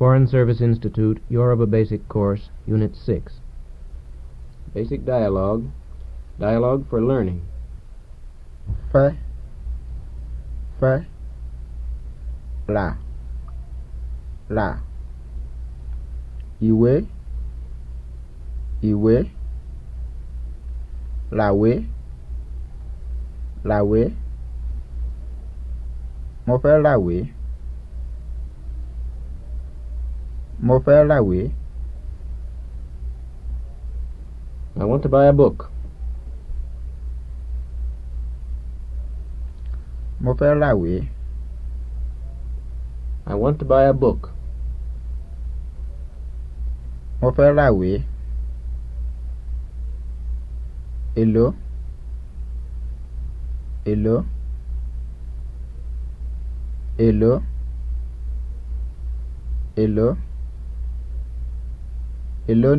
Foreign Service Institute, Yoruba Basic Course, Unit 6. Basic Dialogue, Dialogue for Learning. Fe, fe, la, la. Iwe, iwe, lawe, lawe. Mo fẹ́ làwé. La Mo fẹ́ ràwé. I want to buy a book. Mo fẹ́ ràwé. I want to buy a book. Mo fẹ́ ràwé. Èló. Èló. Èló. Èló èló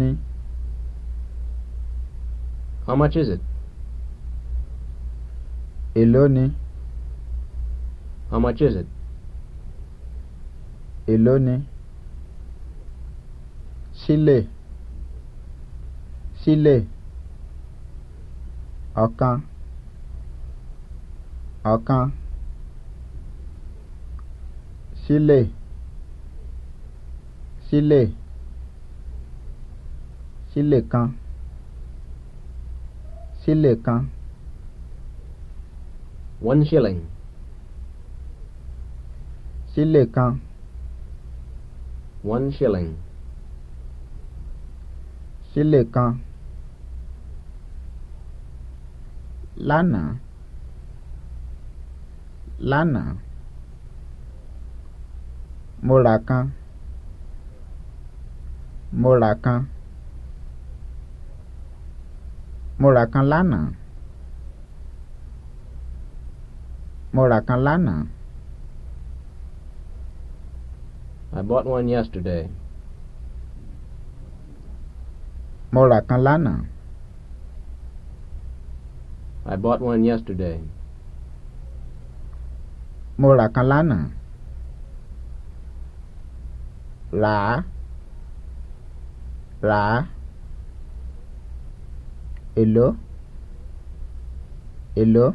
ni How much is it? èló How much is it? èló ni sílè sílè ọ̀kan ọ̀kan sílè. sílẹ̀ sílẹ̀ kan sílẹ̀ kan. one shilling. sílẹ̀ kan. one shilling. sílẹ̀ kan. lana, lana, mo rà kan. mo rà kan mo rà kan kan I bought one yesterday. Mo rà kan I bought one yesterday. Mo rà kan ra èló èló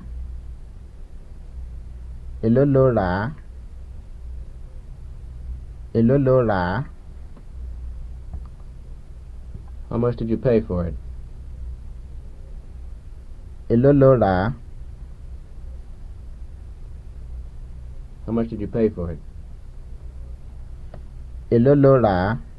èló ló la á èló ló How much did you pay for it? Èló ló How much did you pay for it? Èló ló